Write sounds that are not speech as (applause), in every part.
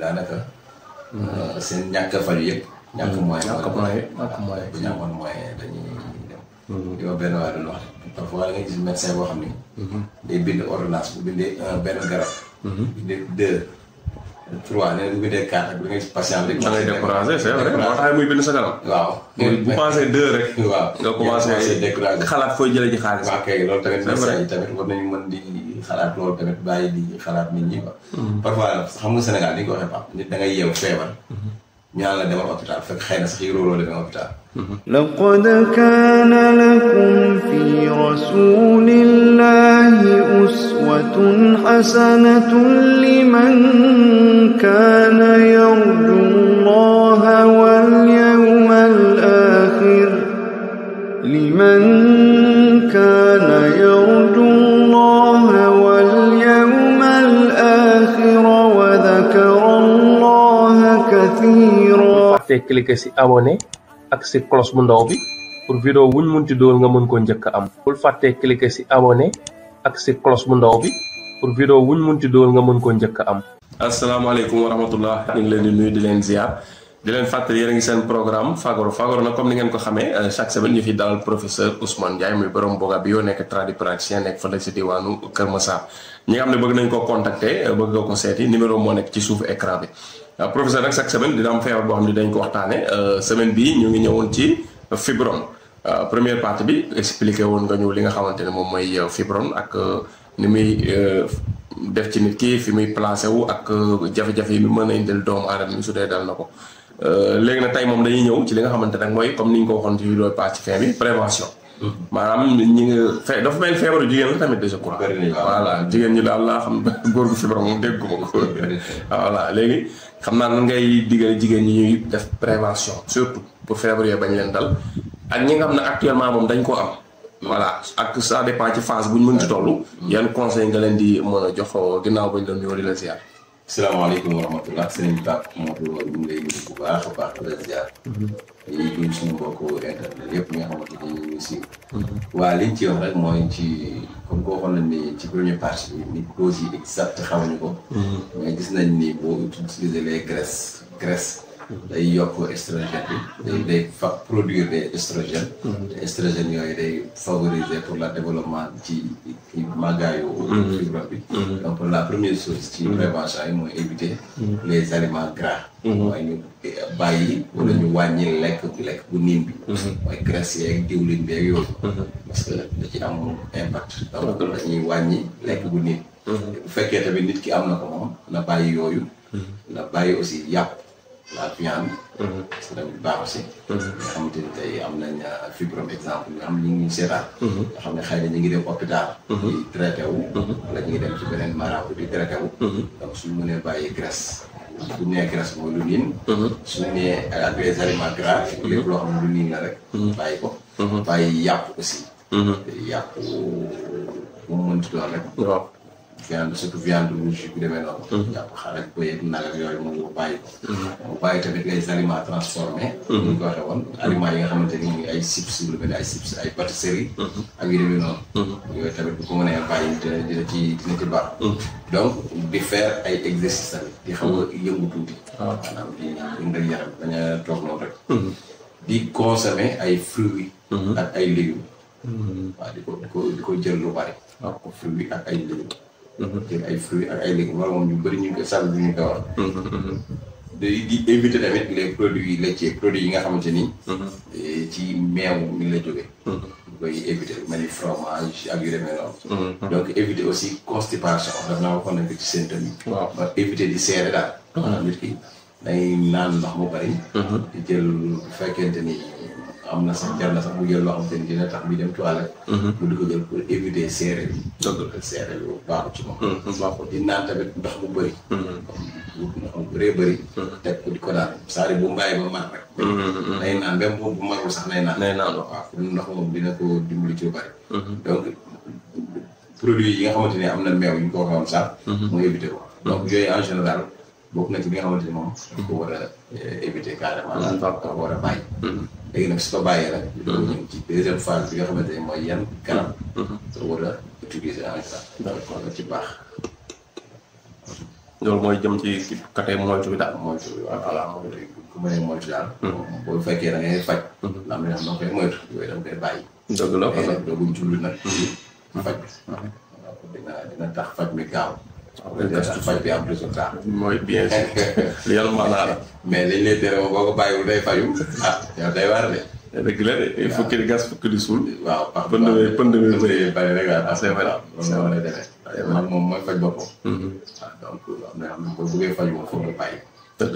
daanaka. Euh, seen ñàkk a faju yëpp. ñàkk mm-hmm. moyen ñàkk moyen ñàkk moyen bu ñu amoon moyen dañuy dem. li mm-hmm. ma benn boo xam ni. Mm-hmm. day bind ordonnance bu bindee benn garab. bindee deux. trois nee na bu bindee quatre ak da ngay patient rek. moo tax muy bind sa garab. waaw bu pensé deux rek. nga commencé découragé xalaat fooy jëlee ji xaalis. waaw kay loolu tamit médecin yi tamit war nañu mën di. di xalaat loolu tamit bàyyi di xalaat nit ñi quoi. parfois xam nga Sénégal ni nga ko waxee Pape nit da ngay yeewu feebar. ñu naan la demal hôpital fekk xëy na sax yoroo loo demee hôpital. لقد كان لكم في رسول الله أسوة حسنة لمن كان يرجو الله Assalamualaikum warahmatullahi wabarakatuh. abonné ak cloche bu ndaw bi pour vidéo am bul abonné ak cloche bu ndaw bi pour vidéo wuñ am wa rahmatullah di leen fàttali yéen a ngi seen programme fagoro fagoro nag comme ni ngeen ko xamee euh, chaque semaine ñu fi dalal professeur Ousmane Ndiaye muy borom boga bi yoo nekk tradipraticien nekk fële si diwaanu Kër Massar ñi nga xam ne bëgg nañ ko contacter euh, bëgg nga ko seeti numéro moo nekk ci suufu écran bi euh, professeur nag chaque semaine dina am feebar boo xam ne dañ ko waxtaane semaine bii ñu ngi ñëwoon ci fibrome première partie bi expliqué woon nga ñu li nga xamante ne moom mooy fibrome ak ni muy euh, def ci nit kii fi muy placé wu ak euh, jafe-jafe yi mu mën a indil doom aadama mi su dee dal na ko euh, léegi na tey moom dañuy ñëw ci li nga xamante nag mooy comme ni ñu ko waxoon ci vidéo pass ci bi prévention mm-hmm. maanaam ñi ngi fe dafa mel jigéen la tamit je crois voilà jigéen ñi daal laa xam (laughs) góor gu feebar moom ko (laughs) voilà léegi xam naa nan ngay digal jigéen ñi ñuy def surtout pour feebar bañ leen dal ak nga xam ne actuellement moom dañ koo am voilà ak sa dépend ci phase bu ñu ti toll. yan conseil nga leen di mën a jox ginnaaw bañ ñu doon ñëw di la ziar. salaamaaleykum wa rahmatulah sëñ Pape Modou Lo ñu ngi lay nuyu bu baax a baax di la ziar. Mhm. ngi mhm. liñ ci wax rek mooy ci comme koo xam ne ci première partie bi ni causes yi exact xamuñu ko. Mhm. mais gis nañ ni boo utiliser les graisses graisses. day yokk estrogène bi day day fa produire des estrogènes mm-hmm. te yooyu day favoriser pour le développement ci màggaayu mm-hmm. fibrome bi mm-hmm. donc la première chose ci prévention yi mooy éviter les aliments gras mooy ñu bàyyi wala ñu wàññi lekk bu niim bi que da ci am impact donc dañuy wàññi lekk bu niim bu fekkee tamit nit ki am na ko moom na bàyyi yooyu na bàyyi aussi yàpp la viande. parce que tamit baaxu si. Mhm. nga xamante ni tey am nañ euh, fibrome exemple nga xam ne ñu ngi seetaan. Mhm. nga xam ne xëy na ñu ngi dem hôpital. Mhm. di traité wu. wala ñu ngi dem ci beneen marabu di traité wu. donc suñu mënee bàyyi graisse. bu ñu nee graisse mooy lu niin. suñu nee euh, des aliments gras. lépp loo xam lu niin la rek. bàyyi ko. bàyyi yàpp aussi. yàpp bu mu mënti doon rek. viande surtout viande rouge yi ku demee noonu. Mhm. jàpp xar ak bëy ak moom nga bàyyi ko. Mhm. mu bàyyi tamit ay aliments transformés. Mhm. ñu ko waxee woon aliments yi nga xamante ni muy ay chips lu mel ay chips ay pâtisserie. ak yu demee noonu. yooyu tamit di faire ay exercices tamit di ah. a a di consommer ay fruits. ak jël lu bari. waaw ah. ak ay légumes. jël ay fruits ak ay légumes moom ñu bëri ñu ko sànni ñu ko wax. day di éviter tamit les produits laitiers produits yi nga xamante ni. Eh, ci meew mi la jógee. ñu koy éviter mel ni fromage ak yu demee donc éviter aussi constipation daf naa waxoon nekk ci seen tamit. waaw ba éviter di seere daal. maanaam nit ki day naan ndox mu bëri. Mhm. jël fekkente ni. am na sax jar na sax mu jël loo xam te dina tax mu dem toilette. Mhm. mu di ko jël pour éviter seere bi. dëgg la seere bi baaxul ci moom. Mhm. baaxul di naan tamit ndox mu bëri. Mhm. wut na xam bëri. teg ko di ko daal saari bu mbaay bu bu marul sax nay naan. nay naan waaw ndox moom dina ko dimbali ci lu bëri. donc produits yi nga xamante ne am na meew yu ñu ko waxoon sax. na ci nga xamante ni moom. ko war a euh, éviter carrément. daal ko war a bàyyi. léegi nag su ko bàyyee nag. ñu doon deuxième phase bi nga xamante ne mooy yan garab. nga war a utiliser ci baax. loolu mooy jëm ci côté moytu bi daal. moytu bi waaw voilà moytu bi ku daal. Hmm. boo fekkee da ngay faj. Hmm. ndax am na yoo xam koy yooyu da nga koy bàyyi. dëgg la kon nag doo hmm. nag. faj dina dina tax faj mi gaaw. faj bi am résultat. mooy bien sûr yàlla mën naa la. mais liñ lay tere boo ko bàyyiwul day fayu ah yow day waar de. dëgg la de suul. waaw waaw pënd bi pënd bi bëri bëri ah, moom mooy faj boppam. waaw mhm. ah, donc am na am na boo bëggee moom foog nga bàyyi.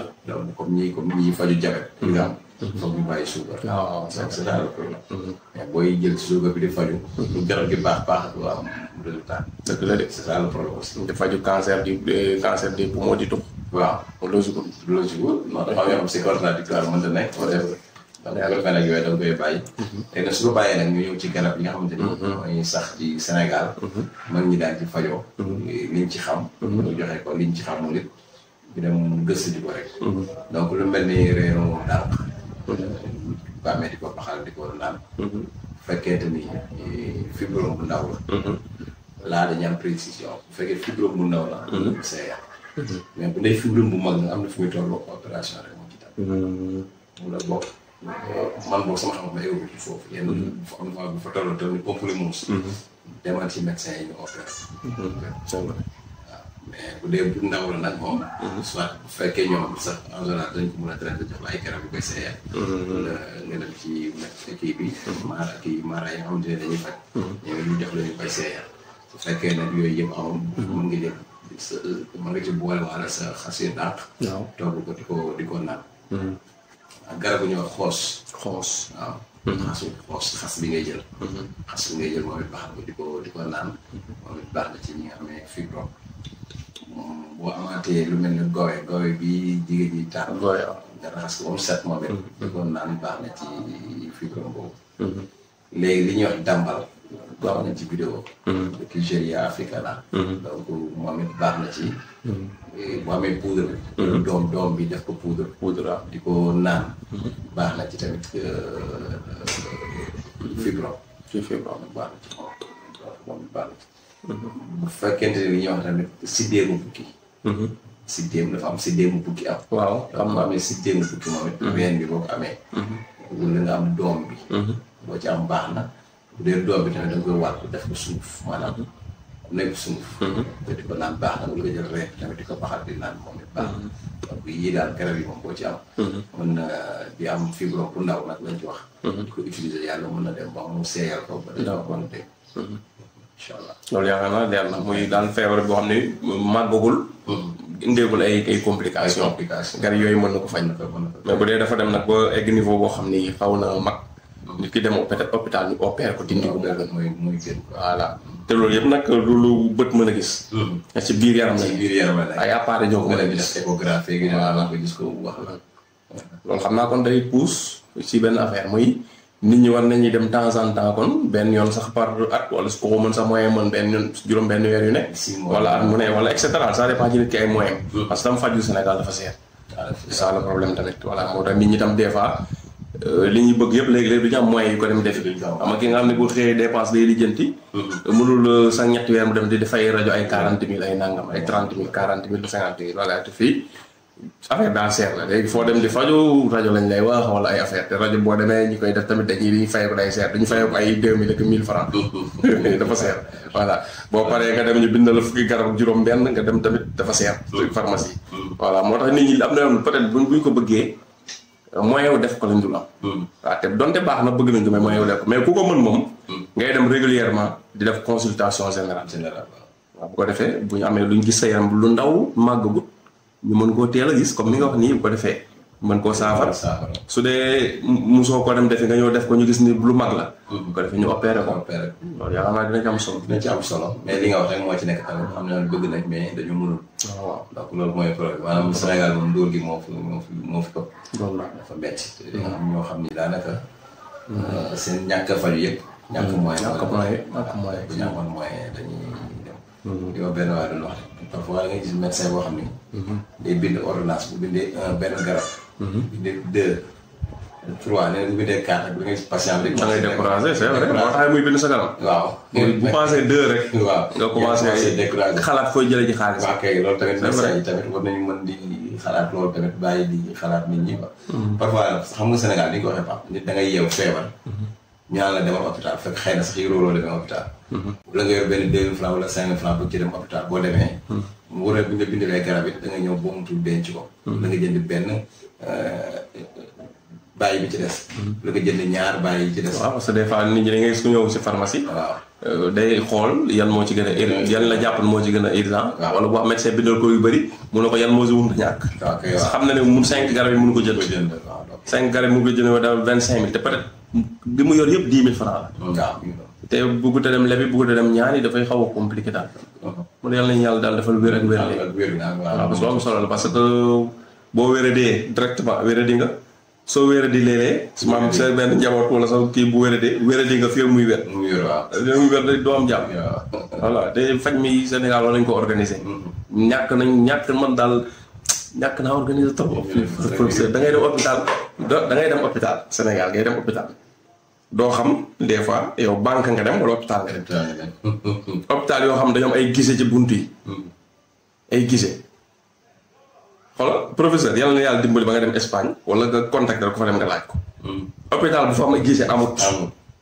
la comme ñii faju jabet. nga mhm. foog ñu bàyyi suukar. Ah, waaw c' est ça le problème. Mm-hmm. mais booy jël suukar bi di faju. lu garab gi baax baax du am résultat. dëgg la de c' est ça problème aussi. di faju cancer di cancer des poumons di tux. waaw logique xam si contradictoire mënta nekk moo def da nga mm-hmm. nag yooyu ñu ñëw ci garab yi nga xamante ni. Mm-hmm. mooy sax ñi daan ci fajoo. liñ ci xam. ñu joxe ko liñ ci xamul it. ñu dem gëstu ko donc lu mel ni réew dànk. bàmmee di ko baxal di ko war a laal ni mhm. eh, fibrome bu ndaw la mhm. laa dañu am précision bu fekkee fibrome bu ndaw la mhm. see yàq mais bu dee fibrome bu mag nga am na fu muy toll opération rek moo ci mu la bokk man boo sama xam ma éwru foofu yenn fa am na fa bu fa tolloo tamit comprimence demal yi ñu opéré mais bu dee bu ndaw la nag moom. soit bu fekkee ñoom sax en général dañ ko mën a traité jox la ay garab yu koy seeyal. wala nga dem ci kii bi. maara kii maara yi nga xamante ne dañuy faj. ñoom ñu jox la ñu koy seeyal. su fekkee nag yooyu yëpp amul. mën nga jël sa mën nga ci boole wala sa xasee dàq. waaw togg ko di ko di ko naan. ak garab yu ñuy wax xoos. xoos waaw. xasu xoos xas bi ngay jël. xas bi ngay jël moom it baax na di ko di ko naan. moom it baax na ci ñi nga xam ne fibro. boo amaatee lu mel ni gowe gowe bi jigéen ñi taal. gowe waaw gannaaw set moom it. Mm-hmm. di ko naan baax na ci fibrom boobu. Mm-hmm. léegi li ñuy wax dàmbal. wax nañ ci vidéo. Mm-hmm. depuis Géria Africa la. donc moom it baax na ci. bu amee poudre. doom doom bi def ko poudre. poudre di ko naan. baax na ci tamit euh, euh, fibrom. ci fibrom baax na ci moom baax na ci. bu fekkente ne li ñuy wax tamit siddeemu bukki. Mhm. siddeem dafa am siddeemu bukki am. waaw xam nga amee siddeemu bukki moom it. Mhm. ween bi boo ko amee. Mhm. wala am doom boo ci am baax na bu dee doom bi tamit da nga koy war def ko sunguf maanaam nekk sunguf. nga di ko naan baax na wala nga jël reen tamit di ko baxal di naan moom it baax na. donc yii daal yi moom boo ci am. mën na di am fibrome bu ndaw nag lañ ci wax. di ko utiliser yàlla mën na dem ba mu seeyal ko ba dañoo mën a dem. loolu yaakaar naa leer na muy feebar boo xam ne màggagul indeegul ay ay complication yooyu mën na ko fañ mais bu dee dafa dem nag ba egg niveau boo xam xaw na mag mm. nit ki dem peut-être hôpital ñu opère ko dindi ko gën voilà te loolu yëpp nag lu lu bët mën a gis mm. ci biir yaram la biir yaram la nit ñi war nañuy dem temps en temps kon ben yoon sax par at wala su ko mën sax moyen man ben yoon juróom benn weer yu ne wala at mu ne wala et cetera ça dépend ci nit ki ay moyen mm. parce que dama faju Sénégal dafa seer ah, ça le problème tamit voilà moo tax nit ñi tam des fois euh, li ñu bëgg yëpp léegi léegi du ñu am moyen yu ko dem def ama ki nga xam ne bu xëyee dépense day lijjanti mm-hmm. mënul euh, sa ñetti weer mu dem di dafay rajo ay 40000 ay nangam ay 30000 40000 50000 000 50 voilà te fii affaire danseur uh, uh, la léegi foo dem di faju rajo lañ lay wax wala ay affaire te rajo boo demee ñi koy def tamit dañuy dañuy fay ko day seer dañu fay ko ay deux mille ak mille francs dafa seer voilà boo paree nga dem ñu bind la fukki garab juróom benn nga dem tamit dafa seer pharmacie voilà moo tax nit ñi am na yoon peut être buñ ko bëggee moyen wu def ko lañ dul am waaw te donte baax na bëgg nañ ko mais moyen wu def ko mais ku ko mën moom ngay dem régulièrement di def consultation générale générale waaw bu ko defee bu ñu amee luñ gis sa yaram lu ndaw màggagut ñu mën koo teel a gis comme ni nga wax nii bu ko defee mën koo saafara su dee musoo ko dem defe nga ñëw def ko ñu gis ni lu mag la mm-hmm. bu ko defee ñu opéré ko opéré loolu yàlla naa dina ci am solo dina ci am solo mais li nga wax rek moo ci nekk tamit xam naa bëgg nañ mais dañu mënul ah, waaw donc loolu mooy problème maanaam Sénégal moom ndóor gi moo fi moo fi moo fi ko dafa metti li mm-hmm. nga am ñoo xam ni daanaka mm-hmm. euh, seen ñàkk faju yëpp ñàkk moyen ñàkk moyen ñàkk moyen dañuy li mhm. ma benn waay da ngay boo xam ni. Mhm. day bind ordonnance bu bindee un benn garab. Mhm. bindee deux trois nee na bu bindee quatre ak (laughs) parfois xam nga Sénégal ni ñu ko waxee nit da ngay feebar. ñu la demal hôpital fekk xëy na sax yorooloo demee hôpital. Mm-hmm. la nga yor benn deux mille francs wala cinq mille francs ci dem hôpital boo demee. Mm-hmm. mu wóor bi nga bindalee garab it da nga ñëw boomutul denc ko. Mm-hmm. da nga jënd benn euh, bàyyi bi ci des. la nga jënd ñaar bàyyi yi ci des. waaw parce que des fois nit ñi da ngay su ñëw si pharmacie. Euh, day xool yan moo ci gën a. yan la jàppoon moo ci gën a urgent. wala boo xam médecin bindal ko yu bëri mu ko yan moo si wut ñàkk. waaw kay xam na ne mun cinq garab yi mun ko jënd. jënd waaw cinq garab yi mun ko jënd wala vingt cinq yëpp dix mille francs te bëggut a dem lebi bëggut a dem ñaani da fay xaw compliqué dal mo yalla yàlla yalla dal da defal wër ak wër waaw parce que am solo la parce que bo wéré dé directement wéré di nga so wéré di lélé léeg maam ben jabot wala sax ki bu wéré dé wéré di nga fiir muy wér muy wér waaw muy wér doo am jam voilà té faj mi Sénégal war nañ ko organiser mm-hmm. ñak nañ ñak man dal ñak na organiser trop da ngay dem hôpital da ngay dem hôpital Sénégal ngay dem hôpital do xam des fois yow banque nga dem wala hôpital nga dem hôpital (laughs) yo xam dañu am ay gisé ci buntu yi hmm. ay gisé xol professeur yalla na yalla dimbali ba nga dem espagne wala nga contacter ko fa dem nga laaj ko hmm. hôpital bu fa am ay gisé amut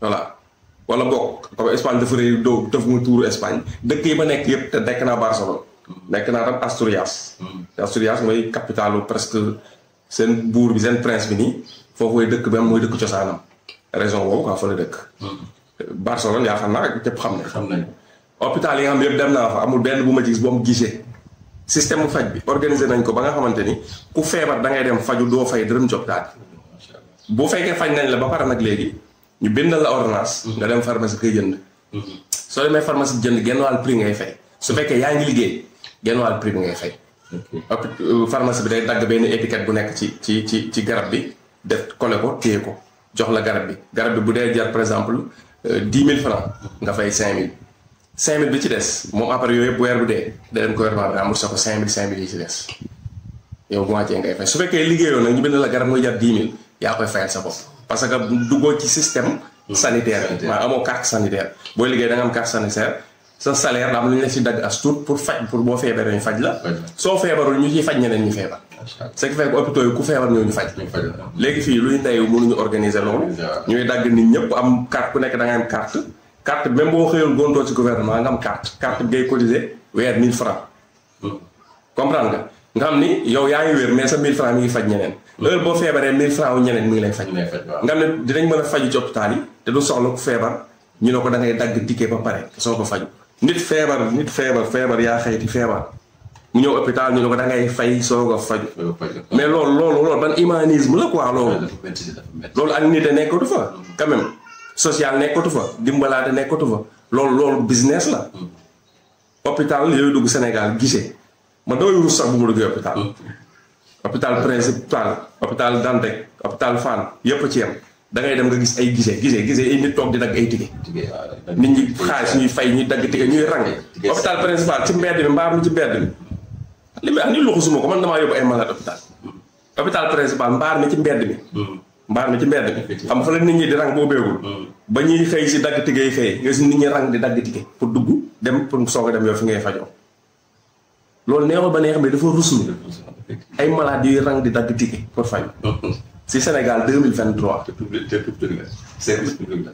voilà wala bok comme espagne dafa reuy do daf mu tuuru espagne dekk yi ba nek yep te dekk na barcelone hmm. nek na tam asturias asturias moy capitale presque sen bourg bi sen prince bi ni fofu mooy dëkk bi am mooy raison boobu quoi fa dëkk. Barcelone yaa xam naa ñëpp xam nañ. xam nañ hôpital yi nga xam yëpp dem naa fa amul benn bu ma gis boo gisee. système mu faj bi organiser nañ ko ba nga xamante ni ku feebar da ngay dem faju doo fay dërëm jot daal bu fekkee faj nañ la ba pare nag léegi ñu bindal la ordonnance. Mm-hmm. nga dem pharmacie koy jënd. Mm-hmm. soo demee pharmacie jënd genn wàll prix ngay fay su mm-hmm. fekkee yaa ngi liggéey genn wàll prix bi ngay fay. Euh, pharmacie bi day dagg benn étiquette bu nekk ci ci ci ci garab bi def kole ko téye ko. jox la garab bi garab bi bu dee jar par exemple euh, dix mille francs nga fay cinq mille cinq mille bi ci des moom après yooyu yëpp weer bu dee da leen ko cinq mille cinq mille yi ci des yow moitié ngay fay su la garab muy jar dix mille sa bopp parce que duggoo ci système hmm. sanitaire maa amoo carte sanitaire booy liggéey da nga am carte sanitaire sa salaire da am lu ñu la si dagg as tuut pour faj pour boo feebaree ñu faj la soo feebarul ñu ciy faj ñeneen ñu feebar c'est que fekk hôpitaux yi ku feebar ñëw ñu faj léegi fii luy ndeyu mënuñu organiser loolu ñuy dagg nit ñëpp am carte ku nekk da nga am carte carte même boo xëyoon góontoo ci gouvernement nga am carte carte bi ngay cotiser weer 1000 francs hmm. comprendre nga nga xam ni yow yaa ngi wér mais sa 1000 francs mi ngi faj ñeneen hmm. heure boo feebaree 1000 francs wu ñeneen mi ngi lay faj nga xam ne dinañ mën a faju ci hôpital yi te du soxla ku feebar ñu ne ko da ngay dagg ticket ba pare soo ko faju feebar nit feebar feebar yaa xëyti feebar mu ñëw hopital ñu ne ko da ngay fay soog a faju mais loolu loolu loolu ban humanisme la quoi loolu. loolu ak nit a nekkatu fa. quand même social nekkatu fa dimbalaate nekkatu fa loolu loolu business la. Hmm. hôpital yooyu dugg Sénégal gisee man damay ruus sax bu ma duggee hôpital. Hmm. hôpital principal hôpital Dantec hôpital fan yëpp ci yem da ngay dem nga gis ay gisee gisee gisee ay nit toog di dagg ay ticket. nit ñi xaalis ñuy fay ñuy dagg ticket ñuy rang. hôpital principal ci mbedd bi mbaa mu ci mbedd bi. li may andi luxusuma ko man damaa yóbbu ay malade hôpital hôpital principal mbaar mi ci mbedd mi banyi mi ci mbedd mi xam fa la nit ñi di rang boo beegul ba ñuy xëy si dagg tigay xëy nga nit ñi rang di dagg tigay pour dugg dem pour soga dem yow fi ngay fajoo loolu neexul ba neex mais dafa rusul ay malade yuy rang di dagg tigay pour faj si Sénégal 2023 c'est public c'est public service public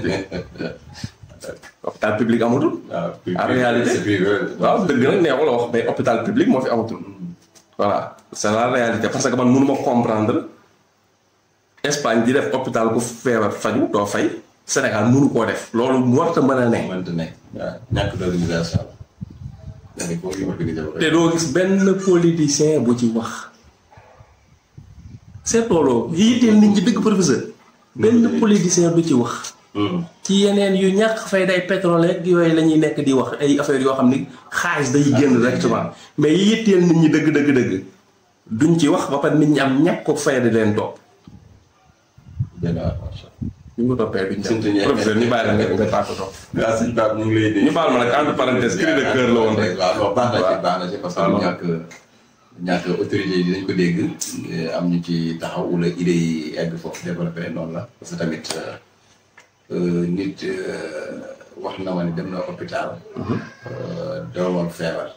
public hôpital public amatul. en réalité waaw dëgg la neexul wax mais hôpital public moo fi amatul. voilà c' est la réalité parce que man mënuma comprendre Espagne di def hôpital ku feebar faju doo fay Sénégal mënu koo def loolu warta mën a ne. mënta ne waaw ñàkk d' organisation la. da ko organiser te doo gis benn politicien bu ci wax. c' est loolu yitteel nit ñi dëgg professeur. benn politicien du ci wax. ci yeneen yu ñàkk fay day pétrole ak yooyu la ñuy nekk di wax ay affaire yoo xam ni xaalis day génn directement mais yi yitteel nit ñi dëgg dëgg dëgg duñ ci wax ba pare nit ñi am ñàkk ko fay leen topp. ñu ngi ko toppee duñ dem professeur ñu bàyyi la nga nga ñu ngi lay ñu baal ma nag entre parenthèse cri de cœur la woon parce que ñàkk ñàkk yi ñu ci taxaw wala idée yi egg foofu développé noonu la parce que tamit. Euh, nit wax na ma ne dem na hôpital. dawal feebar.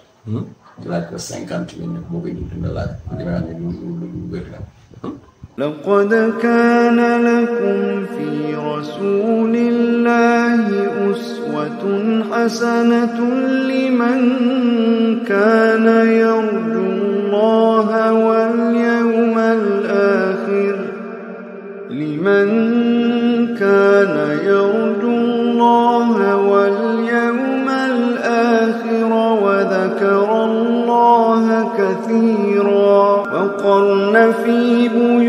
laaj ko cinquante minutes boo ko ñu dina laaj li may wax ne lu lu lu wér la. لقد كان لكم في رسول الله أسوة حسنة لمن كان يرجو وقرن في بيوتكم